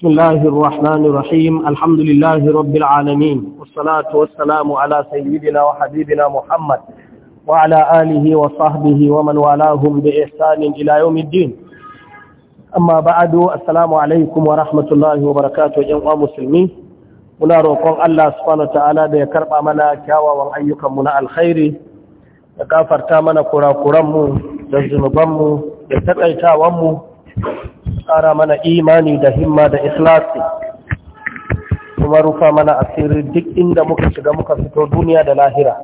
بسم الله الرحمن الرحيم الحمد لله رب العالمين والصلاة والسلام على سيدنا وحبيبنا محمد وعلى آله وصحبه ومن والاهم بإحسان إلى يوم الدين أما بعد السلام عليكم ورحمة الله وبركاته جمع مسلمين muna roƙon Allah subhanahu ta'ala da ya karɓa mana kyawawan ayyukanmu na alkhairi ya kafarta mana kurakuranmu da zunubanmu da taƙaitawanmu ƙara mana imani da himma da islasi. kuma rufa mana asiri duk inda muka shiga muka fito duniya da lahira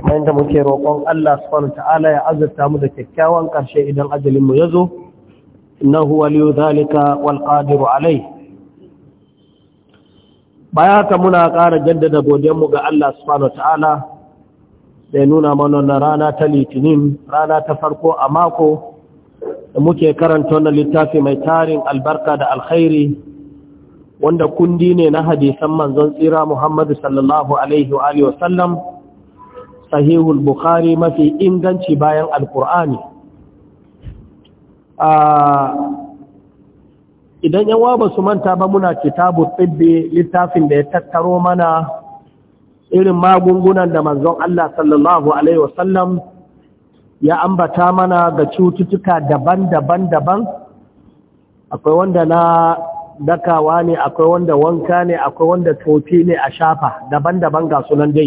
kuma inda muke roƙon Allah subhanahu ta'ala ya azurta mu da kyakkyawan ƙarshe idan ajalin mu yazo innahu waliyu zalika wal qadiru alai baya ka muna ƙara jaddada godiyar mu ga Allah subhanahu ta'ala da ya nuna mana rana ta litinin rana ta farko a mako muke karanta wannan littafi mai tarin albarka da alkhairi wanda kundi ne na hadisan manzon tsira Muhammadu sallallahu alaihi wa alihi wasallam sahihul bukhari mafi inganci bayan alkur'ani ah, idan yawa ba su manta ba muna kitabu tsibbi littafin da ya tattaro mana irin magungunan da manzon Allah sallallahu alaihi wasallam ya ambata mana ga cututtuka daban-daban daban akwai wanda na dakawa ne akwai wanda wanka ne akwai wanda tofi ne a shafa daban-daban ga sunan dai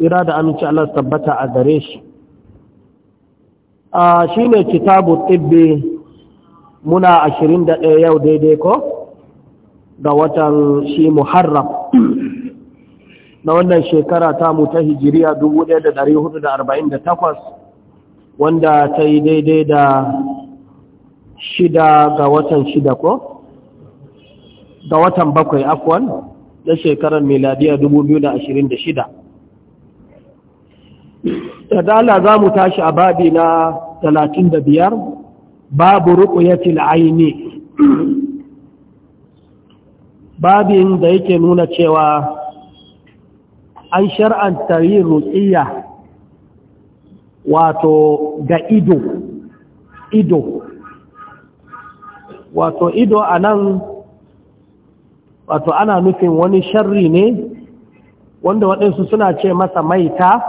ira da aminci Allah tabbata a gare shi ah, shi ne kitabu tibbi muna 21 yau daidai ko ga watan shi muharram na wannan shekara ta mu ta hijiriya 1448 wanda ta yi daidai da shida ga watan shida ko? ga watan bakwai afwan na shekarar miladiya 2026 da dala za mu tashi a babi na 35 babu ruƙuyatil aini babin da yake nuna cewa an shar'anta yin ruɗiyya wato ga ido ido wato ido a wato ana nufin wani sharri ne wanda waɗansu suna ce masa maita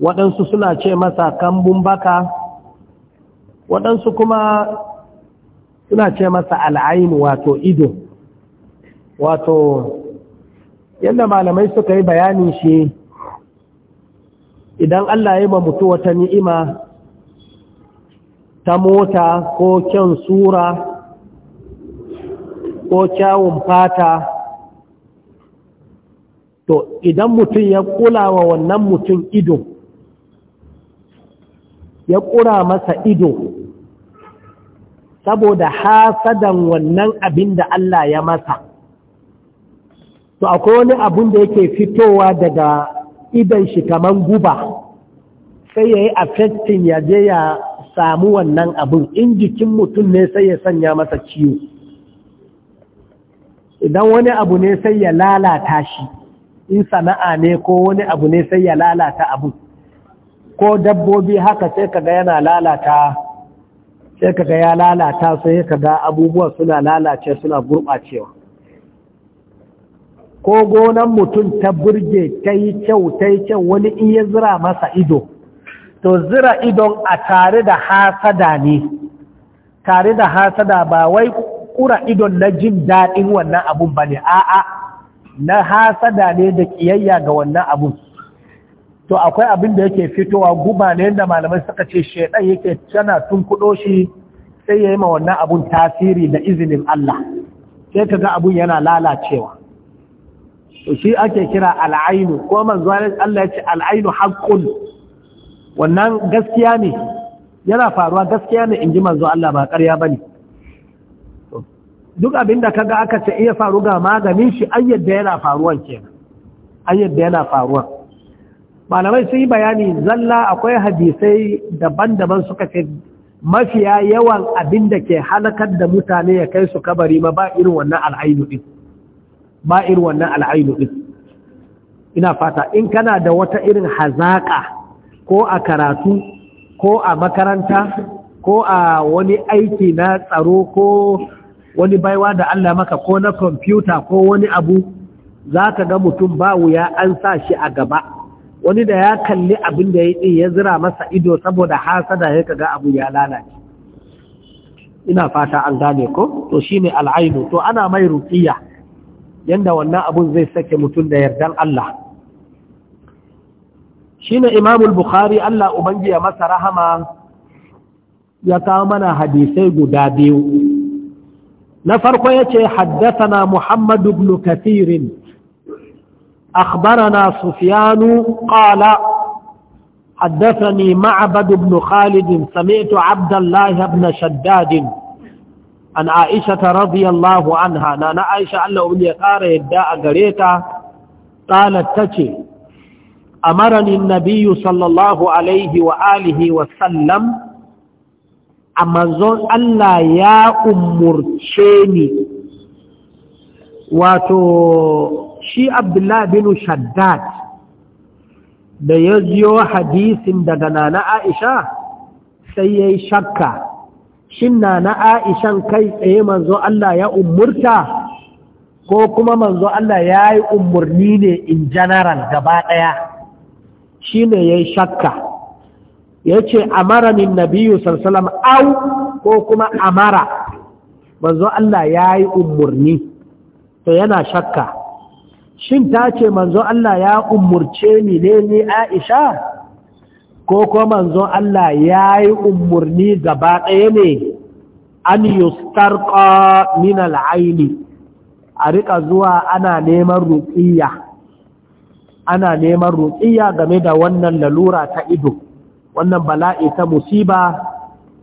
waɗansu suna ce masa kambun baka waɗansu kuma suna ce masa al'ain wato ido wato yadda malamai suka yi bayani shi idan Allah ya ba mutu wata ni'ima ta mota ko kyan sura ko kyawun fata to idan mutum ya kula wa wannan mutum ido ya kura masa ido saboda hasadan wannan abin da Allah ya masa to akwai wani abun da yake fitowa daga idan shi kaman guba sai ya yi affecting ya je ya samu wannan abun in jikin mutum ne sai ya sanya masa ciwo idan wani abu ne sai ya lalata shi in sana'a ne ko wani abu ne sai ya lalata abu ko dabbobi haka sai kaga yana lalata sai kaga ya lalata sai kaga abubuwa suna lalace suna gurɓacewa ko gonan mutum ta burge ta yi kyau ta yi kyau wani in iya zira masa ido to zira idon a tare da hasada ne tare da hasada ba wai kura idon na jin daɗin wannan abun ba ne a'a na hasada ne da ƙiyayya ga wannan abun to akwai abin da yake fitowa guba ne da malamai suka ce shaidan yake tana tun kudo shi sai ya yi ma wannan abun tasiri da izinin Allah sai ka ga abun yana lalacewa shi ake kira al'ainu ko manzo Allah ya ce al'ainu haqqun wannan gaskiya ne yana faruwa gaskiya ne inji manzo Allah ba ƙarya bane duk abinda kaga aka ce iya faru ga maganin shi an yadda yana faruwan kenan an yadda yana faruwa malamai sun yi bayani zalla akwai hadisai daban-daban suka ce mafiya yawan abinda ke halakar da mutane ya kai su kabari ma ba irin wannan al'ainu din ba irin wannan al'ainu ɗin ina fata in kana da wata irin hazaƙa ko a karatu ko a makaranta ko a wani aiki na tsaro ko wani baiwa da Allah maka ko na kwamfuta ko wani abu za ka ga mutum ba wuya an sa shi a gaba wani da ya kalli abin da ya yi ya zira masa ido saboda hasada ya ga abu ya lalace ina fata an gane ko to shine al'ainu to ana mai ruqiya yanda wannan abun zai sake mutum da yardan Allah shine imamul bukhari Allah ubangi ya masa rahama ya kawo mana hadisai guda biyu na farko yace haddathana muhammad ibn kathir akhbarana sufyan qala حدثني معبد بن خالد سمعت عبد الله بن شداد an aisha ta radiyallahu anha na na aisha Allah ya ƙara yadda a gare ta qalat tace amarani nabiyyu sallallahu alaihi wa alihi wa sallam amazon Allah ya umurce ni wato shi abdullah bin shaddad da ya ziyo hadisin daga nana aisha sai yayi shakka shin na na aishan kai tsaye manzo Allah ya umurta ko kuma manzo Allah ya yi umarni ne in general gaba ɗaya shi ne ya yi shakka ya ce amara min nabiyu sarsalam au ko kuma amara manzo Allah ya yi umarni to yana shakka shin ta ce manzo Allah ya umurce ni ne ni aisha ko ko zon Allah ya yi umarni gaba ɗaya ne an yustarqa min al'aini a rika zuwa ana neman rukiya ana neman rukiya game da wannan lalura ta ido wannan bala'i ta musiba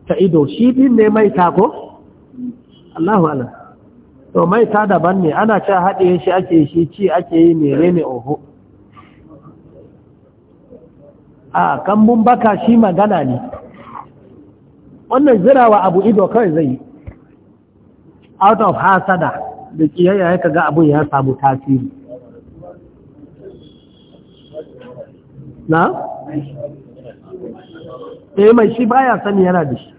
ta ido shi din ne mai ko? Allahu Allah to mai ta daban ne ana cewa haɗe shi ake shi ci ake yi mere ne oho a kambun baka shi magana ne wannan zirawa abu ido kawai zai yi out of hasada da kiyayya ya kaga abu ya samu tasiri na? eh mai shi baya sani yana da shi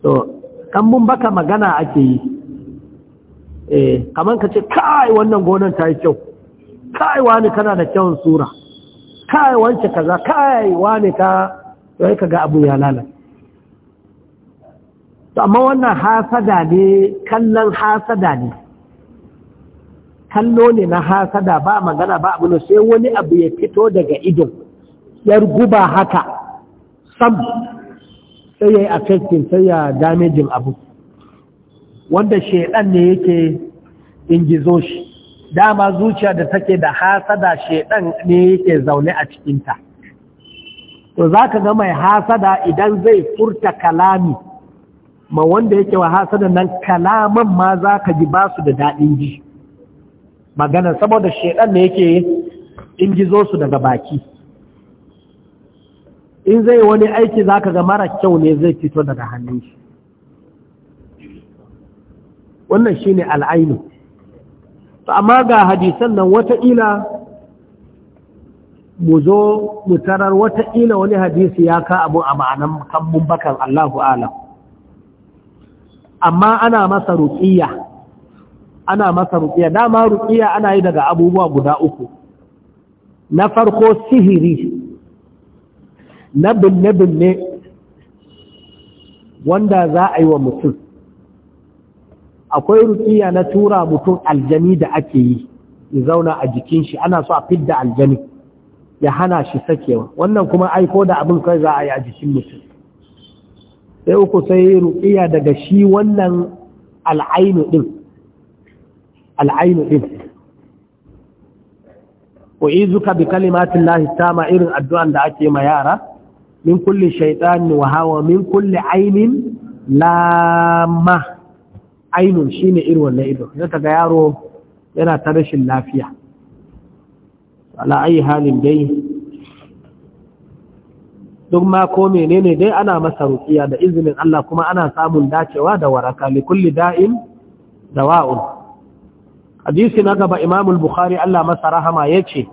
to kambun baka magana ake yi eh ka ce kai wannan gonan ta yi kyau kai wani kana da kyawun sura kai wance kaza kai wane ka sai kaga abu ya lalata to amma wannan hasada ne kallon hasada ne kallo ne na hasada ba magana ba abu ne. sai wani abu ya fito daga idon yar guba haka sam sai ya yi affecting sai ya damejin abu wanda shaidan ne yake ingizo shi dama zuciya da take da hasada shedan ne yake zaune a cikinta to za ka ga mai hasada idan zai furta kalami ma wanda yake wa hasada nan kalaman ma za ka ji ba su da daɗin ji magana saboda shedan ne yake gizo su daga baki in zai wani aiki za ka ga mara kyau ne zai fito daga hannun shi wannan shi ne al'ainu to amma ga hadisan nan wataƙila mu zo mu tarar wataƙila wani hadisi ya ka abu a ma'anan kambun bakan Allahu alam amma ana masa ruƙiya ana masa ruƙiya dama ruƙiya ana yi daga abubuwa guda uku na farko sihiri na binne-binne wanda za a yi wa mutum akwai rukiya na tura mutum aljani da ake yi ya zauna a jikin shi ana so a fidda aljani ya hana shi sakewa wannan kuma aiko da abin kai za a yi a jikin mutum sai uku sai rukiya daga shi wannan al'ainu din al'ainu din izuka bi kalimatin lahi tama irin addu'an da ake ma yara min kulli shaytanin wa hawa min kulli ainin lamma ainun shine irin wannan ido sai ta ga yaro yana ta rashin lafiya ala ayi halin dai duk ma ko menene dai ana masa ruqiya da izinin Allah kuma ana samun dacewa da waraka li kulli da'in dawa'un hadisi na gaba imamul bukhari Allah masa rahama ce.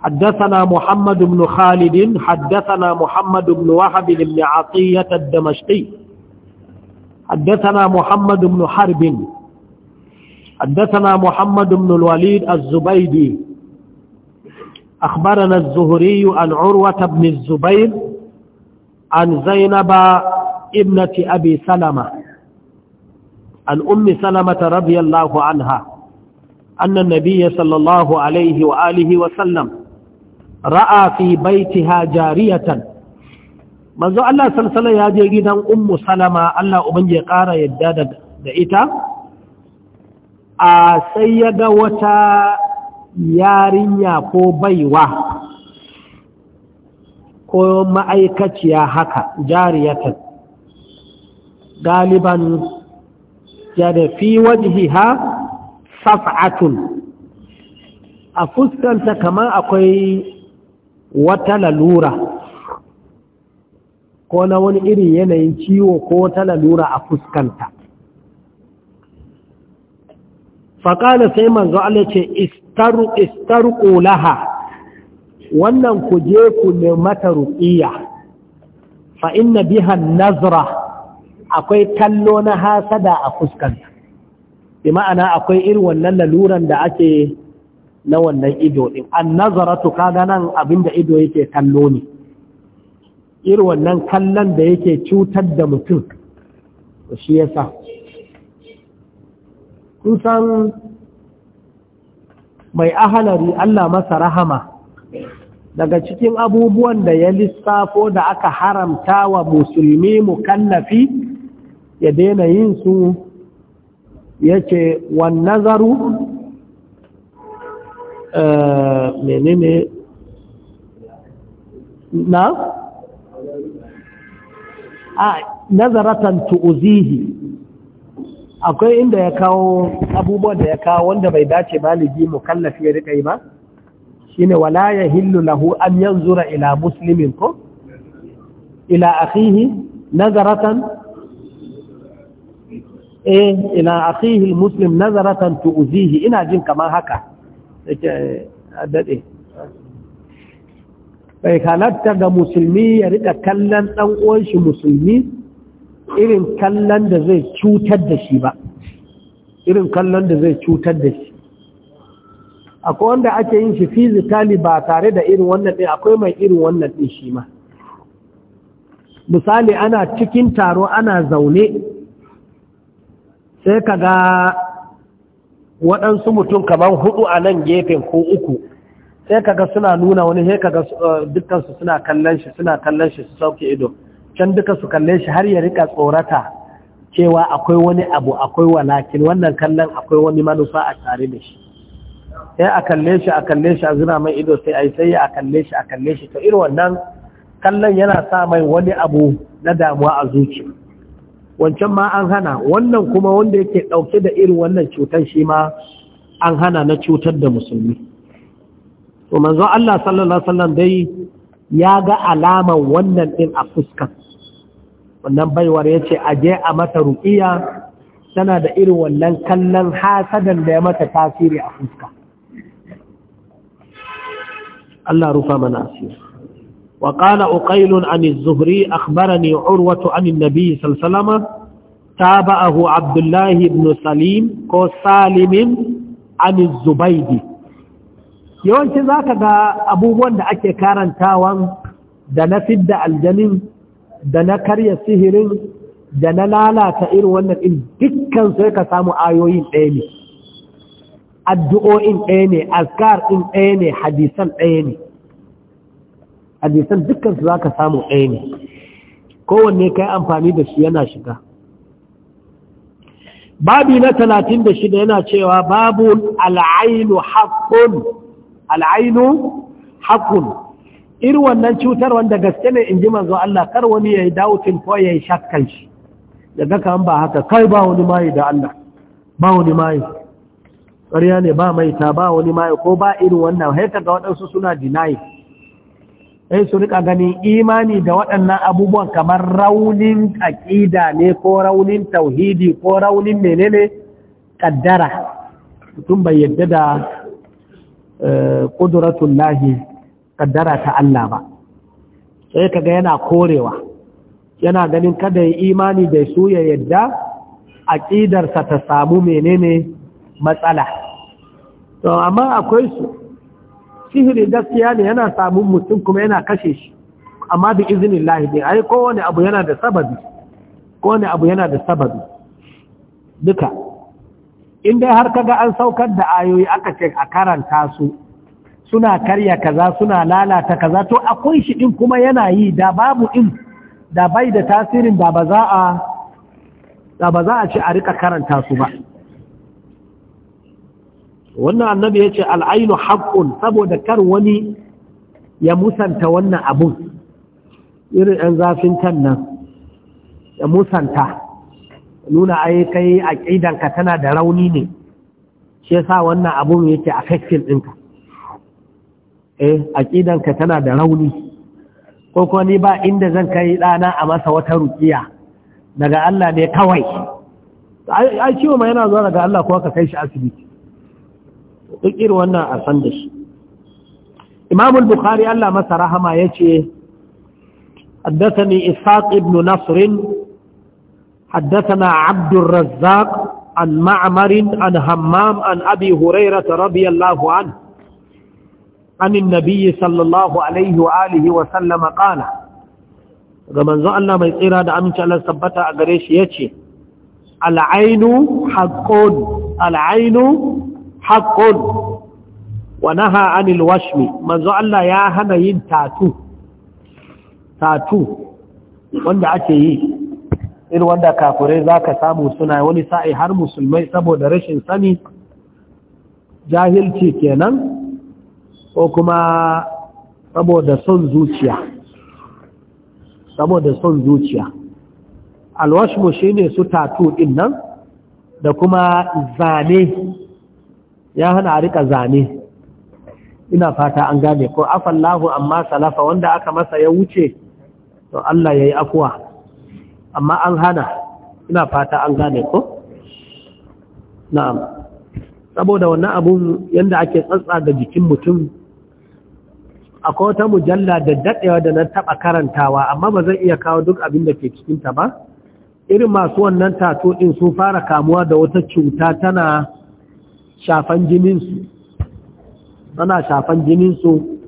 حدثنا محمد بن خالد حدثنا محمد بن وهب بن عطية الدمشقي حدثنا محمد بن حرب حدثنا محمد بن الوليد الزبيدي أخبرنا الزهري عن عروة بن الزبير عن زينب ابنة أبي سلمة عن أم سلمة رضي الله عنها أن النبي صلى الله عليه وآله وسلم رأى في بيتها جارية manzo Allah salsala ya je gidan ummu salama Allah ubangi ya ƙara yadda da ita a sai ya ga wata yarinya ko baiwa ko ma'aikaciya haka jariyatan galiban da fi ha saf'atun a fuskanta kamar akwai wata lalura ko na wani irin yanayin ciwo ko ta lalura a fuskanta faƙala sai manzo Allah ce istarƙo laha wannan ku je ku mata ruƙiya fa inna biha nazra akwai kallo na hasada a fuskanta bi ma'ana akwai irin wannan laluran da ake na wannan ido ɗin, an nazaratu kaga nan abinda ido yake kallo ne irin wannan kallon da yake cutar da mutum shi sa. kun san mai ahalari Allah masa rahama daga cikin abubuwan da ya lissafo da aka haramta wa musulmi mu kallafi, ya daina yin su ya ce wan nazaru eh, menene na a nazaratan tu'uzihi akwai inda ya kawo abubuwan da ya kawo wanda bai dace baligi mukallafi ya rika yi ba shine wala ya hillu lahu an yanzura ila muslimin ko ila akhihi nazaratan eh ila akhihi muslim nazaratan tu'uzihi ina jin kamar haka dade bai halatta ga musulmi ya riƙa kallon ɗan uwan shi musulmi irin kallon da zai cutar da shi ba irin kallon da zai cutar da shi akwai wanda ake yin shi fizikali ba tare da irin wannan ɗin akwai mai irin wannan ɗin shi ma misali ana cikin taro ana zaune sai ka ga waɗansu mutum kamar hudu a nan gefen ko uku sai kaga suna nuna wani sai kaga eh, dukkansu suna kallon shi suna kallon shi su sauke ido can duka su kalle shi har ya rika tsorata cewa akwai wani abu akwai walakin wannan kallon akwai wani manufa a tare da shi sai a kalle shi a kalle shi a zina mai ido sai a yi sai a kalle shi a kalle shi to irin wannan kallon yana sa mai wani abu na damuwa a zuci wancan ma an hana wannan kuma wanda yake ɗauke da irin wannan cutar shi ma an hana na cutar da musulmi to manzo Allah sallallahu alaihi wasallam dai ya ga alaman wannan din a fuskar wannan baiwar yace aje a mata ruqiya tana da irin wannan kallon hasadan da ya mata tasiri a fuska Allah rufa mana asiri وقال أقيل عن الزهري أخبرني عروة عن النبي صلى الله عليه وسلم تابعه عبد الله بن سليم كو سالم عن الزبيدي yawanci za ka ga abubuwan da ake karantawan da na fidda aljanin da na karya sihirin da na lalata irin wannan ɗin dukkan sai ka samu ayoyin ɗaya ne addu'o'in ɗaya ne askar ɗin ɗaya ne hadisan ɗaya ne hadisan dukkan su za ka samu ɗaya ne kowanne kai amfani da shi yana shiga babi na talatin da shida yana cewa babu al'ainu haƙƙun al'ainu hakun iri wannan cutar wanda gaske ne in ji manzo Allah kar wani ya yi dautin ko ya yi shakkan shi daga an ba haka kai ba wani mayi da Allah ba wani mayi ƙarya ne ba ta ba wani mayi ko ba irin wannan haika ga waɗansu suna dinayi sai su rika ganin imani da waɗannan abubuwan kamar raunin aƙida ne ko raunin tauhidi ko raunin menene ƙaddara mutum bai yadda da ƙuduratun lahi ƙaddara ta Allah ba sai kaga yana korewa yana ganin kada ya imani da su ya yadda ƙidarsa ta samu menene matsala to amma akwai su sihiri gaskiya ne yana samun mutum kuma yana kashe shi amma bi izinin lahidi ai kowane abu yana da sababi kowane abu yana da sababi duka in dai har kaga an saukar da ayoyi aka ce a karanta su suna karya kaza suna lalata kaza to akwai shi din kuma yana yi da babu in da bai da tasirin da ba za a da ba za a ce a rika karanta su ba wannan annabi ya ce al'ainu haƙƙun saboda kar wani ya musanta wannan abun irin ‘yan zafin kan nan ya musanta nuna ai kai ƙidanka tana da rauni ne shi sa wannan abun yake a affecting ɗinka eh a ƙidanka tana da rauni ko kuma ni ba inda zan kai ɗana a masa wata rukiya daga Allah ne kawai ai ciwo ma yana zuwa daga Allah kuwa ka kai shi asibiti duk irin wannan a san da shi Imam bukhari Allah masa rahama ya ce, حدثني إسحاق بن نصر حدثنا عبد الرزاق عن معمر عن همام عن أبي هريرة رضي الله عنه عن النبي صلى الله عليه وآله وسلم قال gaman zo Allah mai tsira da aminci Allah sabbata a gare shi yace al'ainu haqqun al'ainu haqqun wa naha 'anil washmi manzo Allah ya hana yin tatu tatu wanda ake yi irin wanda kafurai za ka samu suna wani sa'i har musulmai saboda rashin sani jahilci kenan ko kuma saboda son zuciya saboda son zuciya alwashmu shi ne su tatu ɗin nan da kuma zane ya hana a rika zane ina fata an gane ko afallahu amma salafa wanda aka masa ya wuce to Allah ya yi afuwa amma an hana ina fata an gane ko na'am saboda wannan abun yanda ake tsatsa ga jikin mutum akwai wata mujalla da daɗewa da na taɓa karantawa amma ba zan iya kawo duk abin da ke cikinta ba irin masu wannan tato ɗin sun fara kamuwa da wata cuta tana shafan jininsu tana shafan jininsu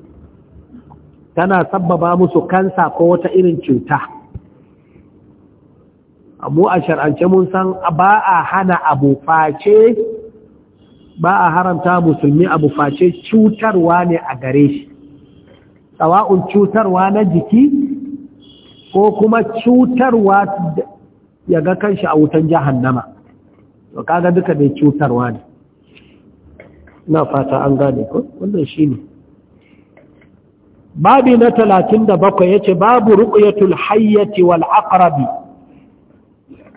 tana sabbaba musu kansa ko wata irin cuta mu a shar'ance mun san ba a hana abu face ba a haramta musulmi abu face cutarwa ne a gare shi tsawa'un cutarwa na jiki ko kuma cutarwa ya ga kanshi a wutan jahannama to kaga duka mai cutarwa ne na fata an gane ko wannan shine babi na 37 yace babu ruqyatul hayyati wal aqrabi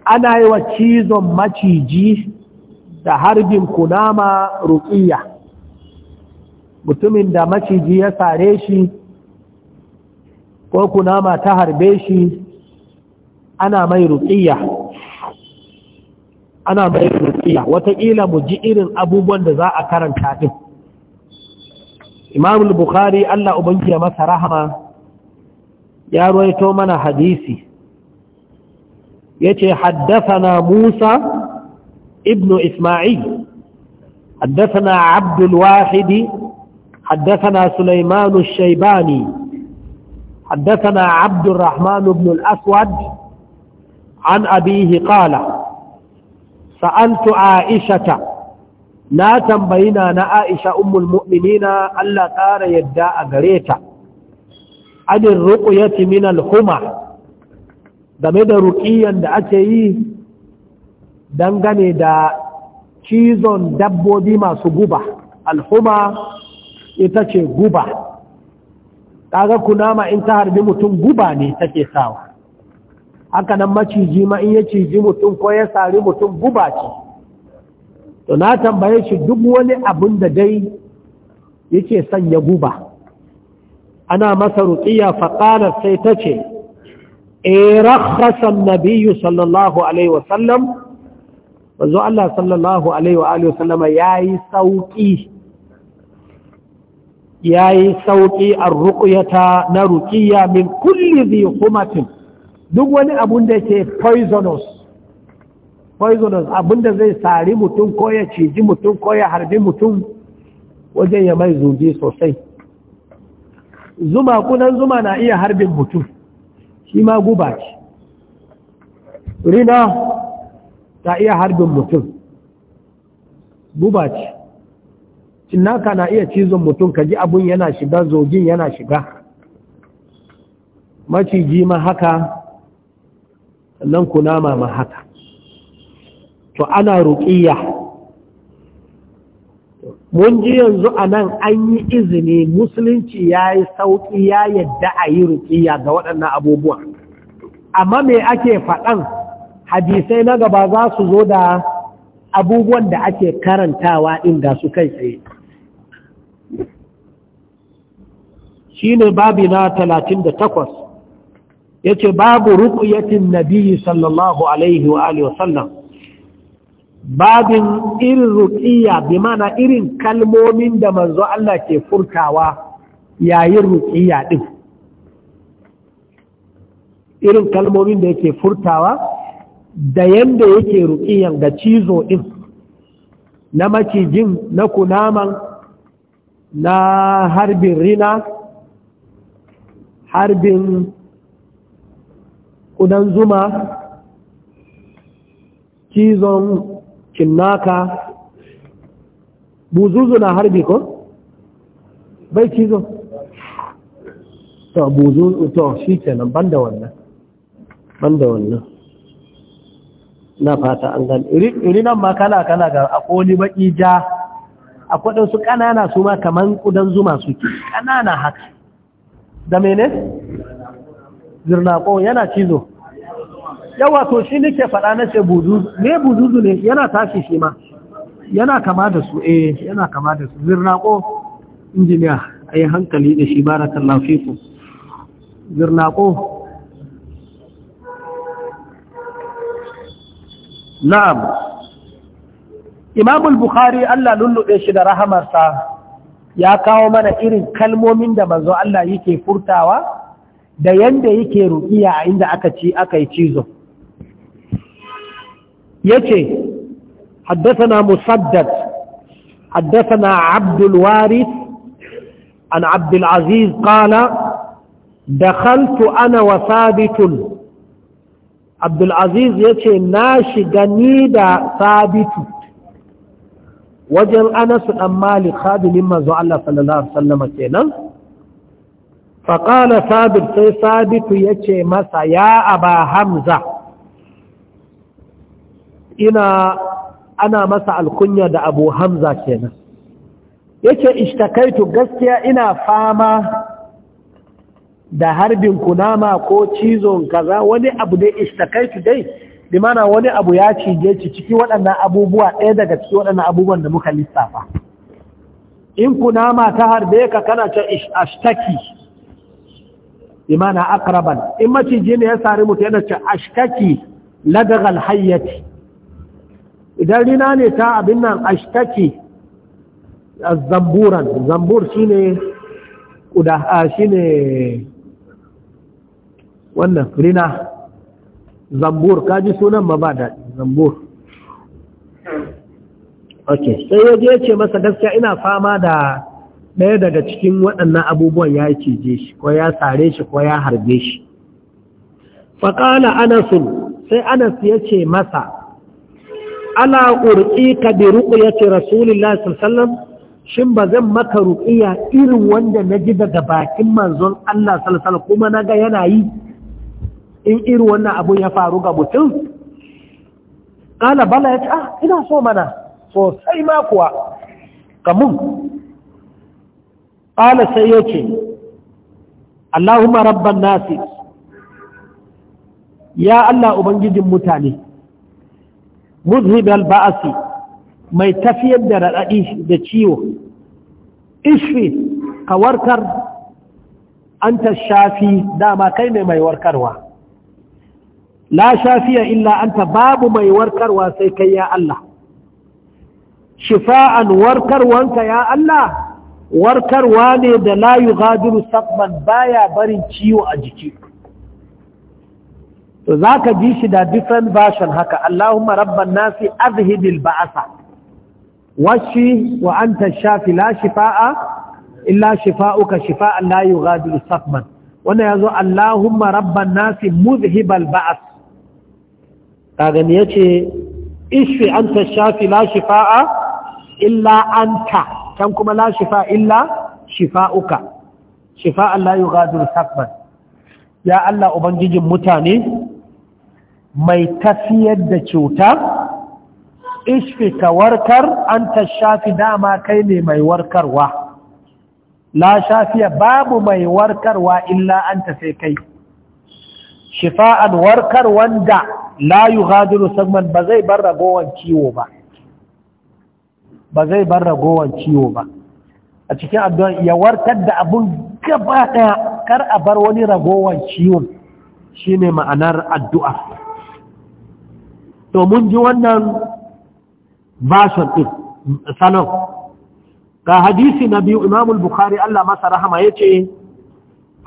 ana yi wa cizon maciji da harbin kunama ruƙiya mutumin da maciji ya sare shi ko kunama ta harbe shi ana mai ruƙiya ana mai ruƙiya wataƙila mu ji irin abubuwan da za a karanta ɗin imamul bukhari allah ubangiya masa rahama ya roito mana hadisi yace haddathana Musa ibn Isma'il haddathana Abdul Wahid haddathana Sulaiman ash-Shaybani haddathana Abd ar-Rahman ibn al-Aswad an abihi qala sa'altu Aisha na tambayina na Aisha ummul mu'minina Allah ƙara yadda a gareta ta adin ruqyati min al-huma game da ruƙiyan da ake yi dangane da cizon dabbobi masu guba alhuma ita ce guba kaga kunama in ta harbi mutum guba ne take sawa haka nan maciji ma in ya ciji mutum ko ya sari mutum guba ce to na tambaye shi duk wani abin da dai yake sanya guba ana masa ruƙiya faƙanar sai ta ce e rakhasan nabiyyu sallallahu alaihi wasallam wanzu Allah sallallahu alaihi wa alihi wasallam yayi sauki yayi sauki ar-ruqyata na ruqiyya min kulli dhi humatin duk wani abun da yake poisonous poisonous abun da zai sari mutum ko ya ciji mutum ko ya harbi mutum wajen ya mai zuji sosai zuma kunan zuma na iya harbin mutum shi ma guba ce rina ta iya harbin mutum guba ce cinnaka na iya cizon mutum ka ji abun yana shiga zogin yana shiga maciji ma haka sannan kunama ma haka to ana ruƙiyya mun ji yanzu a nan an yi izini musulunci ya yi sauƙi ya yadda a yi ruƙiya ga waɗannan abubuwa amma me ake faɗan hadisai na gaba za su zo da abubuwan da ake karantawa inda su kai tsaye shi ne babi na takwas. ya ce babu ruƙuyatin nabi sallallahu alaihi wa sallam babin irin ruƙiya bi mana irin kalmomin da manzo Allah ke furtawa yayin ruƙiya ɗin irin kalmomin da yake furtawa da yanda yake ruƙiyan da cizo ɗin na macijin na kunaman na harbin rina harbin kudan zuma cizon cinnaka buzuzu na harbi ko bai cizo to buzuzu to shi kenan banda wannan banda wannan na fata an gan. iri nan ma kana, kana. ga akoli baki ja akwai su kanana su ma kaman kudan zuma suke Kanana haka da mene? zirnako yana cizo yawa to shi nake faɗa na ce buzuzu me buzuzu ne yana tashi shi ma yana kama da su eh yana kama da su ko injiniya a yi hankali da shi barakallahu fiku ko. na'am imamul bukhari Allah lullube shi da rahamarsa ya kawo mana irin kalmomin da manzo Allah yake furtawa da yanda yake ruƙiya a inda aka ci aka yi cizo yace haddathana musaddad haddasa abdul waris an abdul aziz qala dakhaltu ana wa sabitun abdul aziz yace na shiga ni da sabitu wajen ana su dan malik khadimin manzo Allah sallallahu alaihi wasallam kenan فقال ثابت سي ثابت يجي مسا يا أبا hamza. ina ana masa alkunya da abu hamza kenan yake ishtakaitu gaskiya ina fama da harbin kunama ko cizon kaza wani abu dai ishtakaitu dai mana wani abu ya cije ci ciki waɗannan abubuwa ɗaya daga ciki waɗannan abubuwan da muka lissafa in kunama ta harbe ka kana ce ashtaki mana akraban in maciji ne ya sare mutu yana ce ashtaki ladagal hayyati idan rina ne ta abin nan ashtaki zamburan zambur shi ne wannan rina zambur kaji sunan ma ba da zambur ok sai yaje je ce masa gaskiya ina fama da ɗaya daga cikin waɗannan abubuwan ya cije shi ko ya sare shi ko ya harbe shi faƙala anasun sai anas ya ce masa ala urqika bi ruqyati rasulillahi sallallahu alaihi sallam shin ba zan maka ruqiya irin wanda na ji daga bakin manzon Allah sallallahu alaihi wasallam kuma naga yana yi in irin wannan abu ya faru ga mutum kala bala ya ce ah ina so mana sosai ma kuwa kamun kala sai ya ce Allahumma rabban nasi ya Allah ubangijin mutane muzhibal ba'asi mai tafiyar da raɗaɗi da ciwo Ishri, ka warkar an ta shafi dama kai ne mai warkarwa la shafiya illa anta babu mai warkarwa sai kai ya Allah shifa'an warkarwanka ya Allah warkarwa ne da la yughadiru saqman baya barin ciwo a jiki to za ka ji shi da different version haka Allahumma rabban nasi azhibil ba'asa washi wa anta shafi la shifa'a illa shifa'uka shifa'an la yughadiru saqman wannan yazo Allahumma rabban nasi muzhibal ba'as kaga ne yace ishfi anta shafi la shifa'a illa anta kan kuma la shifa'a illa shifa'uka shifa'an la yughadiru saqman ya Allah ubangijin mutane mai tafiyar da cuta ishfi ka warkar an ta shafi dama kai ne mai warkarwa la shafiya babu mai warkarwa illa an ta sai kai shifa'an warkar wanda la yi hadiru ba zai bar ragowar ciwo ba ba zai bar ragowar ciwo ba a cikin addu'an ya warkar da abun gaba ɗaya kar a bar wani ragowar ciwon shine ma'anar addu'a to mun ji wannan bashar ɗin salon ga hadisi na biyu imamul bukhari Allah masa rahama ya ce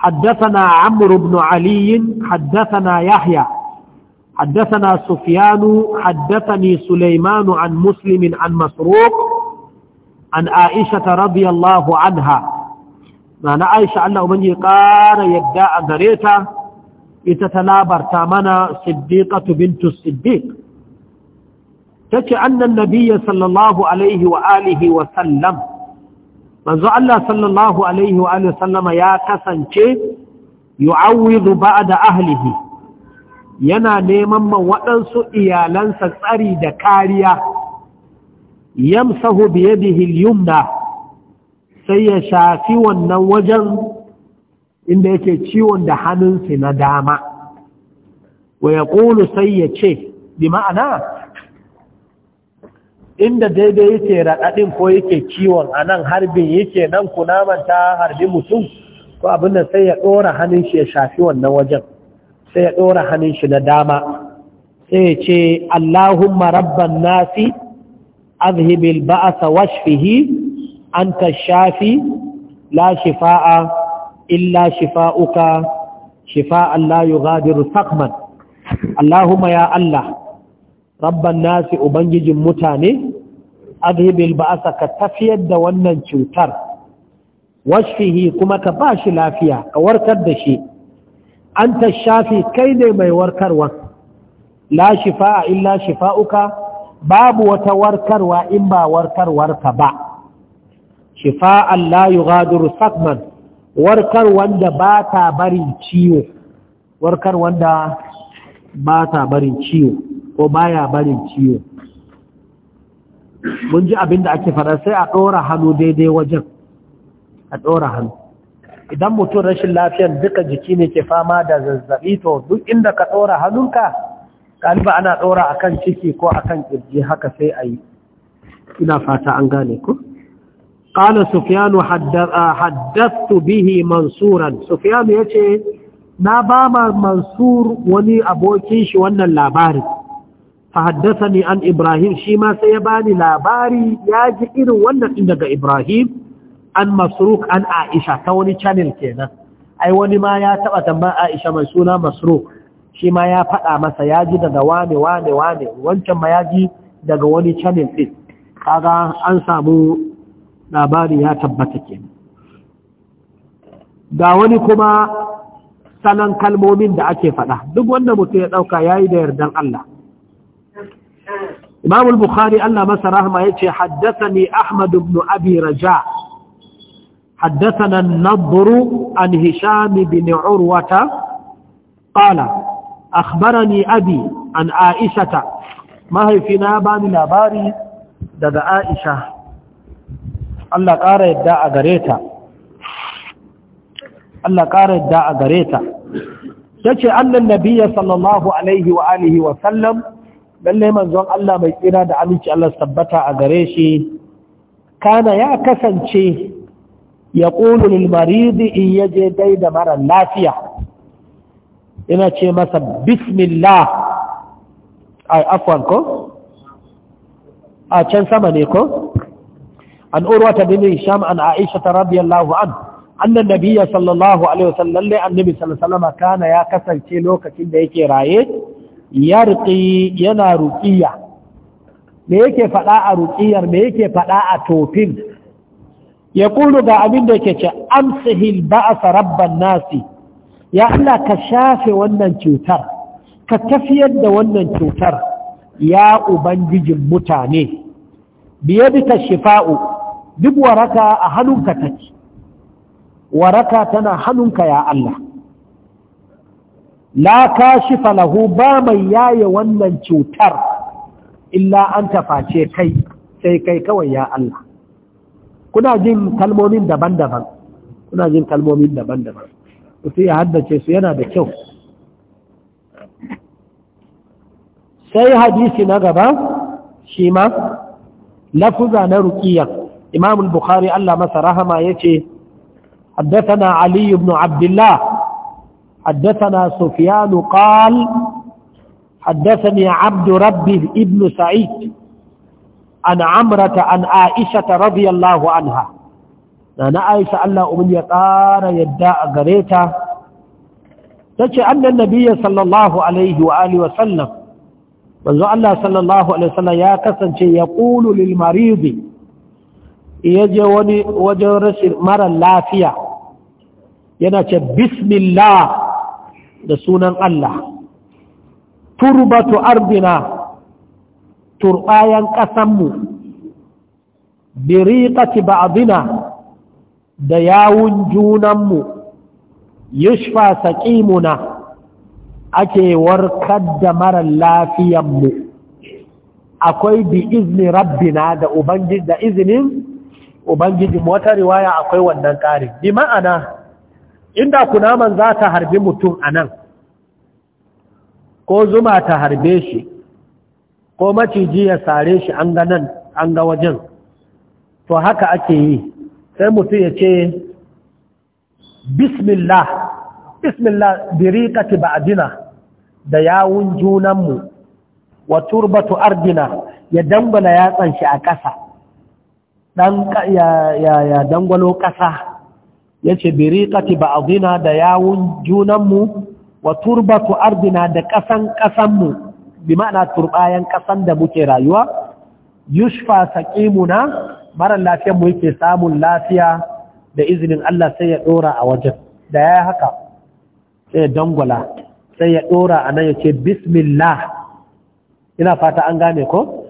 haddasana amur ibn aliyin haddasana yahya haddasana sufiyanu haddasa haddasani suleimanu an muslimin an masruq an aisha ta radiyallahu anha na na aisha Allah umarni ƙara yadda a gare ta ita ta labarta mana siddiƙatu bintu siddiƙa tace annan nabiya sallallahu alaihi wa alihi wa sallam manzo Allah sallallahu alaihi wa alihi wa sallama ya kasance yu'awwidhu ba'da ahlihi yana neman man waɗansu iyalansa tsari da kariya yamsahu biyadihi al-yumna sai ya shafi wannan wajen inda yake ciwon da hannunsa na dama wa ya ƙulu sai ya ce bi ma'ana inda daidai yake raɗaɗin ko yake ciwon a nan harbin yake nan kunaman ta harbi mutum ko abin da sai ya ɗora hannun shi ya shafi wannan wajen sai ya ɗora hannun shi na dama sai ya ce Allahumma rabban nasi azhibil ba'asa washfihi anta shafi la shifa'a illa shifa'uka shifa'an la yughadiru saqman Allahumma ya Allah rabban nasi ubangijin mutane adhibil ba'asa ka tafiyar da wannan cutar washfihi kuma ka ba shi lafiya ka warkar da shi an ta shafi kai ne mai warkarwa la a illa shifa'uka babu wata warkarwa in ba warkarwarka ba shifa'an la yughadiru sakman warkar wanda ba ta barin ciwo warkar wanda ba ta barin ciwo ko baya barin ciwo mun ji abinda ake faɗa sai a ɗora hannu daidai wajen a ɗora hannu idan mutum rashin lafiyar duka jiki ne ke fama da zazzaɓi to duk inda ka ɗora hannunka ƙaliba ana ɗora a kan ciki ko a kan ƙirji haka sai a yi ina fata an gane ku ƙala sufiyanu haddastu bihi mansuran sufiyanu ya ce na ba mansur wani abokin shi wannan labarin ne an ibrahim shi ma sai ya bani labari ya ji irin wannan din daga ibrahim an masruk an aisha ta wani channel kenan ai wani ma ya taba tambayar aisha mai suna masruk shi ma ya faɗa masa ya ji daga wane wane wane wancan ma ya ji daga wani channel ɗin kaga an samu labari ya tabbata kenan ga wani kuma sanan kalmomin da ake faɗa duk wanda mutum ya ɗauka ya yi da yardan Allah imam al-bukhari Allah masa rahma yace haddathani ahmad ibn abi raja حدثنا النضر عن هشام urwata عروة قال أخبرني أبي عن عائشة ما هي في نابان لاباري دد عائشة الله قال يدعى Allah ƙara yadda a gare ce annan nabiya sallallahu Alaihi wa alihi wa sallam lallai manzon Allah mai tsira da aminci Allah tabbata a gare shi kana ya kasance ya ƙulu lil in yaje dai da mara lafiya ina ce masa bismillah A afwan ko a can sama ne ko an urwata bin hisham an aisha ta radiyallahu anha annan nabiya sallallahu alaihi wasallam lalle annabi sallallahu alaihi wasallam kana ya kasance lokacin da yake raye ya yana ruƙiya me yake faɗa a ruƙiyar me yake faɗa a tofin ya ƙulu ga abin da ke ce amsihil ba'asa rabban nasi ya Allah ka shafe wannan cutar ka tafiyar da wannan cutar ya ubangijin mutane biye bika shifa'u duk waraka a hannunka take waraka tana hannunka ya Allah la kashifa falahu ba mai yaye wannan cutar illa an taface kai sai kai kawai ya Allah kuna jin kalmomin daban-daban kuna jin kalmomin daban-daban mutum ya haddace su yana da kyau sai hadisi na gaba shi ma lafuza na ruqiyya imam al-bukhari Allah masa rahama ce. حدثنا na Aliyu عبد Abdullahi. حدثنا سفيان قال حدثني عبد ربه ابن سعيد عن عمرة عن عائشة رضي الله عنها أنا عائشة الله أمن يقار يدعى قريتا تجي أن النبي صلى الله عليه وآله وسلم منذ الله صلى الله عليه وسلم يا كسن يقول للمريض يجي وجه رسل مرى اللافية ينأتي بسم الله da sunan Allah turbatu ardina turbayan ƙasanmu biriƙati ba'dina da yawun junanmu yushfa saqimuna ake warkar da mara lafiyanmu akwai bi izni rabbina da ubangiji da izinin ubangiji wata riwaya akwai wannan ƙarin bi ma'ana inda kunaman za ta harbi mutum a nan ko zuma ta harbe shi ko maciji ya sare shi an ga nan an ga wajen to haka ake yi sai mutum ya ce bismillah bismillah biriqati ba'dina da yawun junanmu wa turbatu ardina ya dangwala yatsan shi a ƙasa dan ya dangwalo ƙasa yace bi riqati ba'dina da yawun junanmu wa turbatu ardina da kasan kasanmu bi ma'ana turbayan kasan da muke rayuwa yushfa saqimuna mara lafiyar mu yake samun lafiya da izinin Allah sai ya dora a wajen da yayi haka sai ya dangwala sai ya dora anan yace, bismillah ina fata an gane ko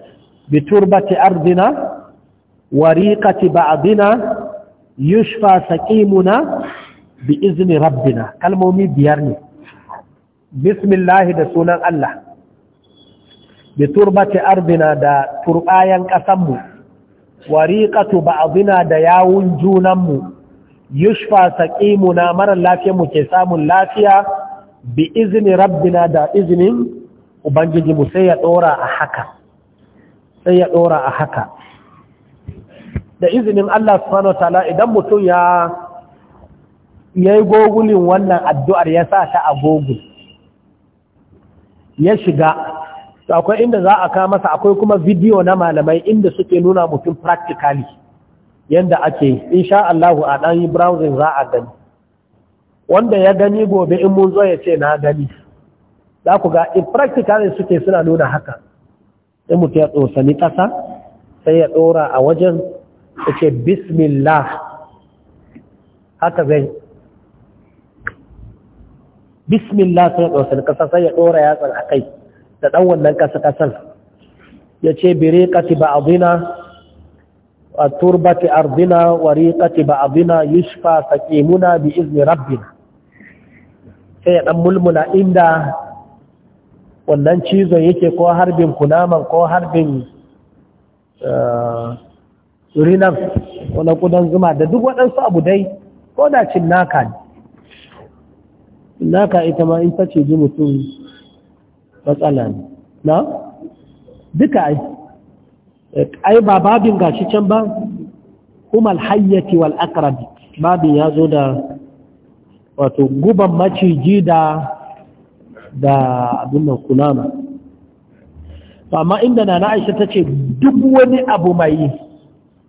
bi turbati ardina wa riqati ba'dina yushfa saqimuna bi izni rabbina kalmomi biyar ne bismillahi da sunan Allah bi turbati ardina da turbayan mu wariqatu ba'dina da yawun junanmu yushfa saqimuna mara lafiyar mu ke samun lafiya bi izni rabbina da izinin ubangiji mu sai ya dora a haka sai ya dora a haka da izinin Allah subhanahu ta'ala idan mutum ya yayi gogulin wannan addu'ar ya sa ta a gogul ya shiga to akwai inda za a ka masa akwai kuma bidiyo na malamai inda suke nuna mutum practically yanda ake insha Allah a dan yi browsing za a gani wanda ya gani gobe in mun zo ya ce na gani za ku ga in practically suke suna nuna haka in mutum ya tsosani ƙasa sai ya ɗora a wajen ya ce bismillah haka zai bismillah sai ya ɗausar ƙasa sai ya ɗora yatsan a kai da ɗan wannan ƙasa kasan ya ce bire ƙati ba abina a turbati ardina wari ƙati ba abina yushfa saƙimuna bi izini rabbina sai ya ɗan mulmula inda wannan cizon yake ko harbin kunaman ko harbin eh, surinam wani kudan zuma da duk waɗansu abu dai ko da cin naka ne naka ita ma in ta ce ji mutum matsala ne na duka ai ai ba babin gashi can ba kuma alhayyati wal akrabi babin ya zo da wato guban maciji da da abin nan kunama amma inda na na aisha ta ce duk wani abu mai yi.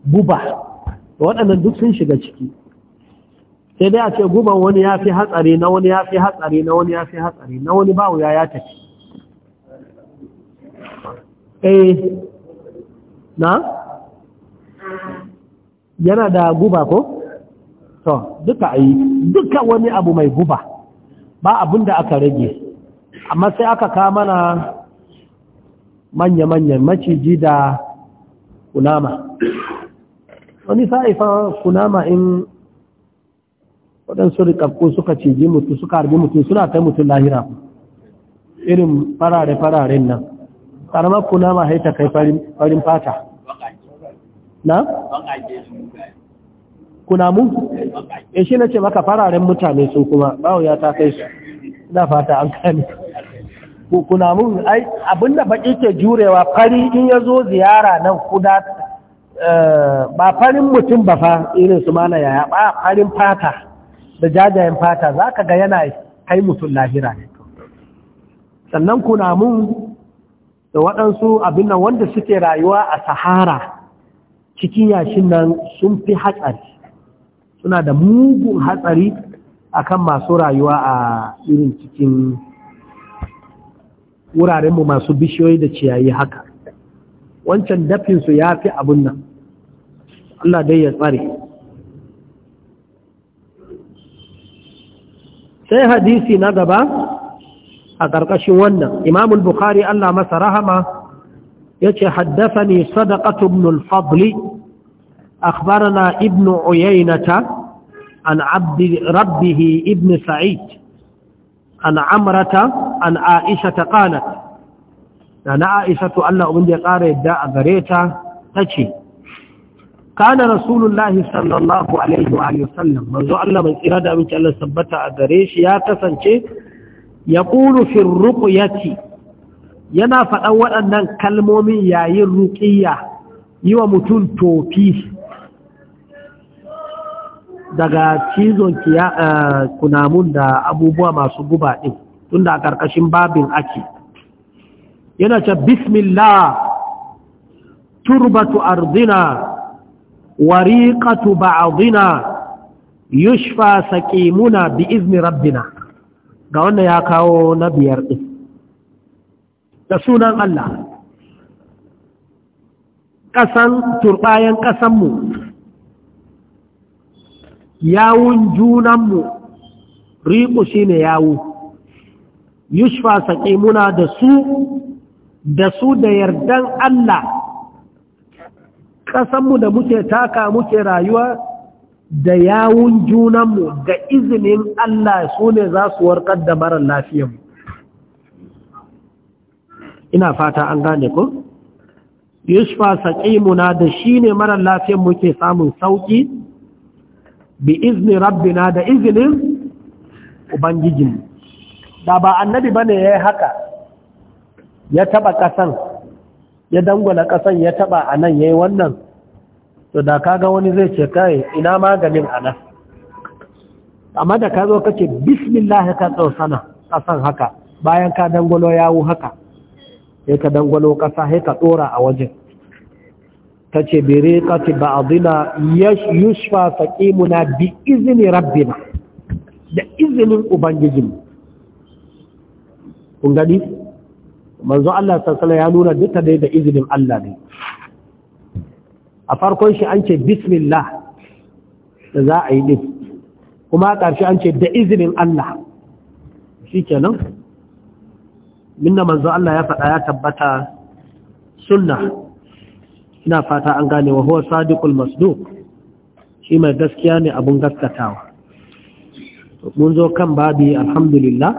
guba waɗannan duk sun shiga ciki sai dai a ce guban wani ya fi hatsari na wani ya fi hatsari na wani ya fi hatsari na wani ba wuya ya tafi eh na yana da guba ko to duka a yi duka wani abu mai guba ba abin da aka rage amma sai aka kama na manya-manyan maciji da kulama wani sa'ifa kunama in waɗansu rikakku suka ciji mutu suka harbi mutu suna kai mutu lahira irin farare-fararen nan kuna kunama haita kai farin fata na? kunamu? ya eh, shi na ce maka fararen mutane sun kuma bawo ya ta kai su na fata an kani kunamun abinda baƙi ke jurewa fari in ya zo ziyara nan kuda Eh, ba farin mutum ba fa irin su mana yaya ba farin fata da jajayen fata za ka ga yana kai mutum lahira ne sannan kunamun da waɗansu abin nan wanda suke rayuwa a sahara cikin yashin nan sun fi hatsari suna da mugun hatsari akan masu rayuwa a irin cikin wurarenmu masu bishiyoyi da ciyayi haka wancan dafinsu ya fi abin nan dai ya tsari. Sai hadisi na gaba a ƙarƙashin wannan, Imamul Bukhari Allah masa Rahma, ya ce haddasa ne sadaƙatu Ibnul Fabli, akbarana Ibnu Uyainata, an rabbihi Ibn Sa'id, an amrata an Aisha ta ƙanat, na Aisha to Allah wanda ya ƙara yadda a gare ta ta ce, kana rasulullahi sallallahu alaihi wa sallam manzo Allah mai tsira da miki Allah sabbata a gare shi ya kasance ya qulu fi ruqyati yana faɗan waɗannan kalmomin yayin ruqiyya yi wa mutum tofi daga cizon eh, kunamun da abubuwa masu guba ɗin tunda a ƙarƙashin babin ake yana ce bismillah turbatu ardina Wariƙatu wariqatu ba'dina yushfa saqimuna bi izni rabbina ga wanda ya kawo na biyar din da sunan Allah ƙasan turbayan kasan mu yawun junan mu riqu shine yawu yushfa saqimuna da su da su da yardan Allah ƙasanmu da muke taka muke rayuwa da yawun junanmu ga izinin Allah su ne za su warkar da marar lafiyanmu ina fata an gane ku yushfa na da shi ne marar lafiyan muke samun sauƙi. bi izini rabbina da izinin ubangijinmu da ba annabi ba ne ya yi haka ya taɓa ƙasan. ya dangwala ƙasan ya taɓa a nan ya yi wannan to da kaga wani zai ce kai ina maganin a nan amma da ka zo ka ce bismillah ka tsausana ƙasan haka bayan ka dangwalo yawu haka ya ka dangwalo ƙasa ya ka ɗora a wajen ta ce bere ba zina ba'adina yushfa faƙimuna bi izini rabbina da izinin ubangijinmu kun gani manzo Allah sallallahu ya nuna duka dai da izinin Allah ne a farkon shi an ce bismillah da za a yi din kuma a ƙarshe an ce da izinin Allah kenan minna manzo Allah ya faɗa ya tabbata sunna ina fata an gane wa huwa sadiqul masduq shi mai gaskiya ne abun gaskatawa mun zo kan babi alhamdulillah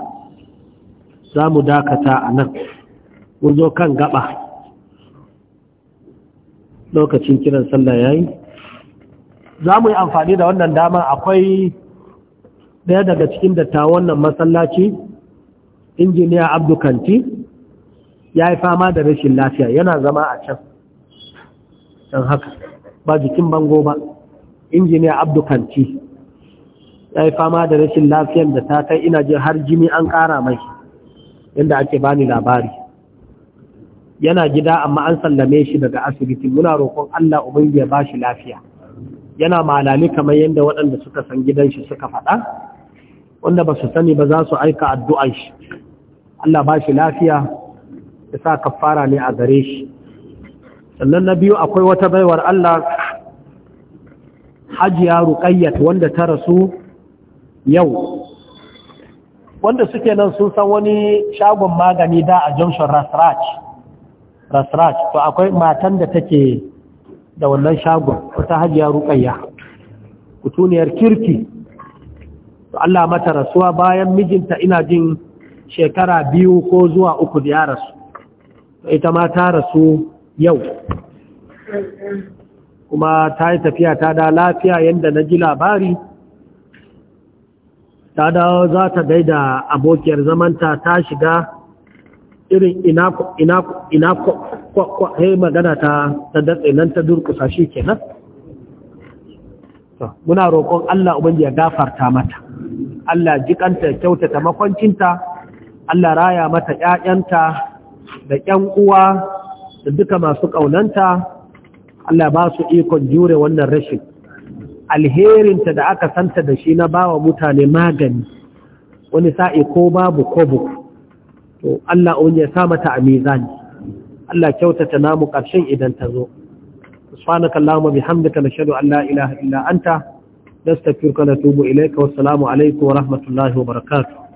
za mu dakata a nan mun zo kan gaba lokacin kiran sallah ya yi. za mu yi amfani da wannan dama akwai daya daga cikin ta wannan masallaci injiniya Abdukanti ya yi fama da rashin lafiya yana zama a can don haka ba jikin bango ba injiniya Abdukanti ya yi fama da rashin lafiyan da ta kai ina ji har jini an ƙara mai inda ake bani labari yana gida amma an sallame shi daga asibiti muna roƙon Allah ubangi ya bashi lafiya yana malami kamar yadda waɗanda suka san gidan shi suka faɗa wanda ba su sani ba za su aika addu'an shi Allah bashi lafiya ya sa kafara ne a gare shi sannan na biyu akwai wata baiwar Allah hajiya ruƙayyat wanda ta rasu yau wanda suke nan sun san wani shagon magani da a junction Rasrach rasraj to akwai matan da take da wannan shagon wata hajiya ruqayya kutuniyar kirki to Allah mata rasuwa bayan mijinta ina jin shekara biyu ko zuwa uku da ya rasu ita ma ta rasu yau kuma ta yi tafiya ta da lafiya yadda na ji labari ta dawo za ta gaida abokiyar zamanta ta shiga irin ina kwakwa ya yi magana ta ta nan ta durkusa shi kenan muna roƙon Allah ubangi ya gafarta mata Allah jikanta kyautata makwancinta Allah raya mata ƴaƴanta da ƴan uwa da duka masu ƙaunanta Allah ba su ikon jure wannan rashin alherinta da aka santa da shi na bawa mutane magani wani sa'i ko babu ko buku to Allah on ya sa mata a mizani Allah kyautata namu ƙarshen idan ta zo subhanaka allahumma bihamdika nashhadu an la ilaha illa anta nastaghfiruka wa natubu ilayka wassalamu alaikum wa rahmatullahi wa barakatuh